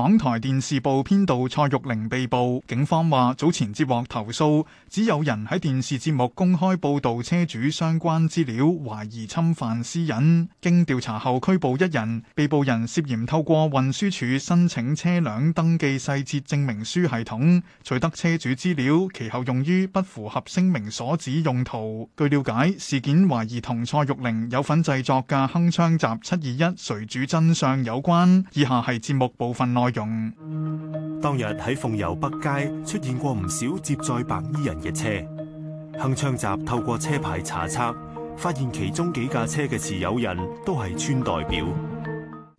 港台電視部編導蔡玉玲被捕，警方話早前接獲投訴，指有人喺電視節目公開報道車主相關資料，懷疑侵犯私隱。經調查後拘捕一人，被捕人涉嫌透過運輸署申請車輛登記細節證明書系統取得車主資料，其後用於不符合聲明所指用途。據了解，事件懷疑同蔡玉玲有份製作嘅《鏗鏘集七二一誰主真相》有關。以下係節目部分內容。用當日喺鳳攸北街出現過唔少接載白衣人嘅車，鏗鏘集透過車牌查冊，發現其中幾架車嘅持有人都係村代表。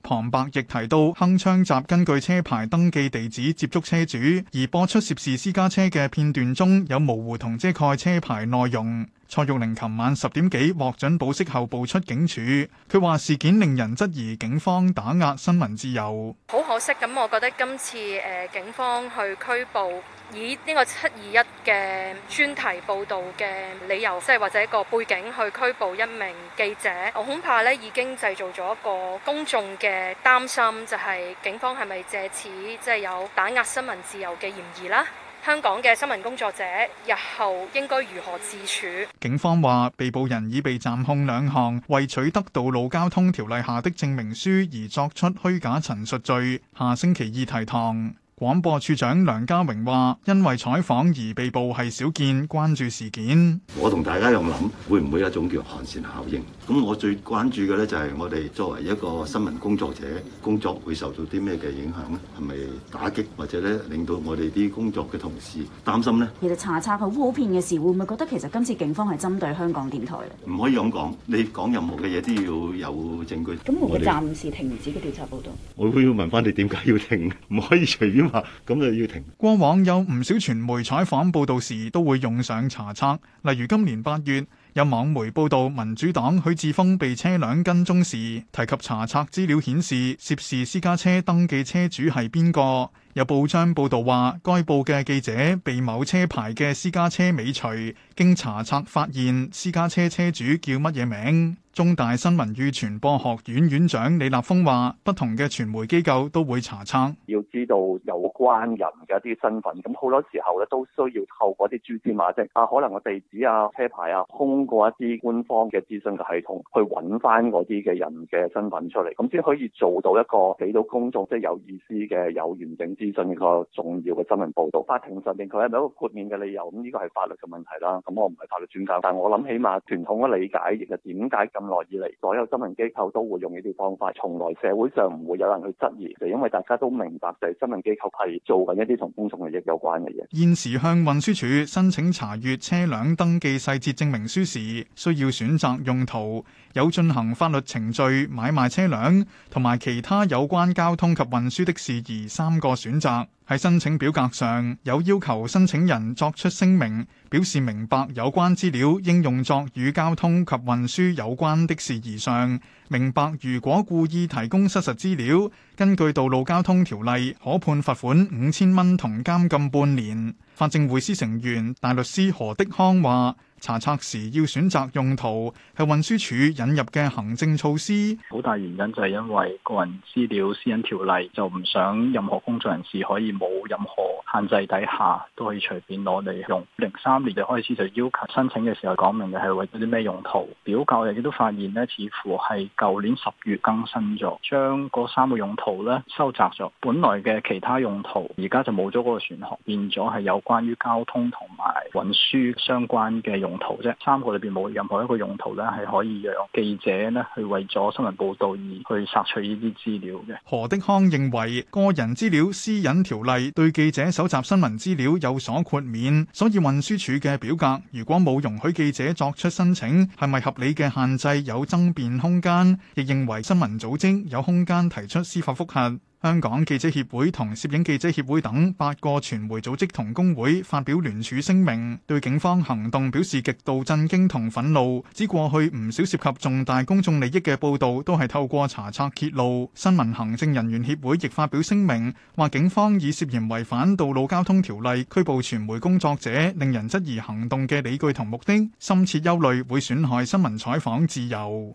旁白亦提到，鏗鏘集根據車牌登記地址接觸車主，而播出涉事私家車嘅片段中有模糊同遮蓋車牌內容。蔡玉玲琴晚十點幾獲准保釋後，步出警署。佢話事件令人質疑警方打壓新聞自由。好可惜咁，我覺得今次誒警方去拘捕，以呢個七二一嘅專題報道嘅理由，即係或者個背景去拘捕一名記者，我恐怕咧已經製造咗一個公眾嘅擔心，就係、是、警方係咪借此即係、就是、有打壓新聞自由嘅嫌疑啦？香港嘅新聞工作者日後應該如何自處？警方話，被捕人已被暫控兩項，為取得道路交通條例下的證明書而作出虛假陳述罪，下星期二提堂。廣播處長梁家榮話，因為採訪而被捕係少見，關注事件。我同大家又諗，會唔會有一種叫寒蟬效應？咁我最關注嘅咧就係我哋作為一個新聞工作者，工作會受到啲咩嘅影響咧？係咪打擊或者咧令到我哋啲工作嘅同事擔心呢？其實查冊佢污衊嘅事，會唔會覺得其實今次警方係針對香港電台咧？唔可以咁講，你講任何嘅嘢，都要有證據。咁我會暫時停止嘅調查報道，我會要問翻你點解要停？唔可以隨便。咁就要停。過往有唔少傳媒採訪報道時都會用上查冊，例如今年八月，有網媒報道民主黨許智峰被車輛跟蹤時，提及查冊資料顯示涉事私家車登記車主係邊個。有報章報導話，該報嘅記者被某車牌嘅私家車尾隨，經查冊發現私家車車主叫乜嘢名。中大新聞與傳播學院院長李立峯話，不同嘅傳媒機構都會查冊，要知道有關人嘅一啲身份，咁好多時候咧都需要透過啲蛛絲馬跡，啊，可能個地址啊、車牌啊，通過一啲官方嘅諮詢嘅系統去揾翻嗰啲嘅人嘅身份出嚟，咁先可以做到一個俾到公眾即係、就是、有意思嘅有完整。資訊嘅個重要嘅新聞報導，法庭上面佢係咪一個豁免嘅理由？咁呢個係法律嘅問題啦。咁我唔係法律專家，但係我諗起碼傳統嘅理解，亦係點解咁耐以嚟所有新聞機構都會用呢啲方法，從來社會上唔會有人去質疑，就因為大家都明白，就係新聞機構係做緊一啲同公眾利益有關嘅嘢。現時向運輸署申請查閲車輛登記細節證明書時，需要選擇用途，有進行法律程序、買賣車輛、同埋其他有關交通及運輸的事宜三個選選擇喺申請表格上有要求申請人作出聲明，表示明白有關資料應用作與交通及運輸有關的事宜上，明白如果故意提供失實資料，根據道路交通條例，可判罰款五千蚊同監禁半年。法政匯思成員大律師何的康話。查冊時要選擇用途係運輸署引入嘅行政措施，好大原因就係因為個人資料私隱條例就唔想任何工作人士可以冇任何限制底下都可以隨便攞嚟用。零三年就開始就要求申請嘅時候講明嘅係為咗啲咩用途。表格人亦都發現呢似乎係舊年十月更新咗，將嗰三個用途呢收窄咗，本來嘅其他用途而家就冇咗嗰個選項，變咗係有關於交通同埋運輸相關嘅用途。用途啫，三個裏邊冇任何一個用途咧，係可以讓記者咧去為咗新聞報道而去索取呢啲資料嘅。何的康認為個人資料私隱條例對記者搜集新聞資料有所豁免，所以運輸署嘅表格如果冇容許記者作出申請，係咪合理嘅限制有爭辯空間，亦認為新聞組織有空間提出司法覆核。香港記者協會同攝影記者協會等八個傳媒組織同工會發表聯署聲明，對警方行動表示極度震驚同憤怒。指過去唔少涉及重大公眾利益嘅報道都係透過查冊揭露。新聞行政人員協會亦發表聲明，話警方以涉嫌違反道路交通條例拘捕傳媒工作者，令人質疑行動嘅理據同目的，深切憂慮會損害新聞採訪自由。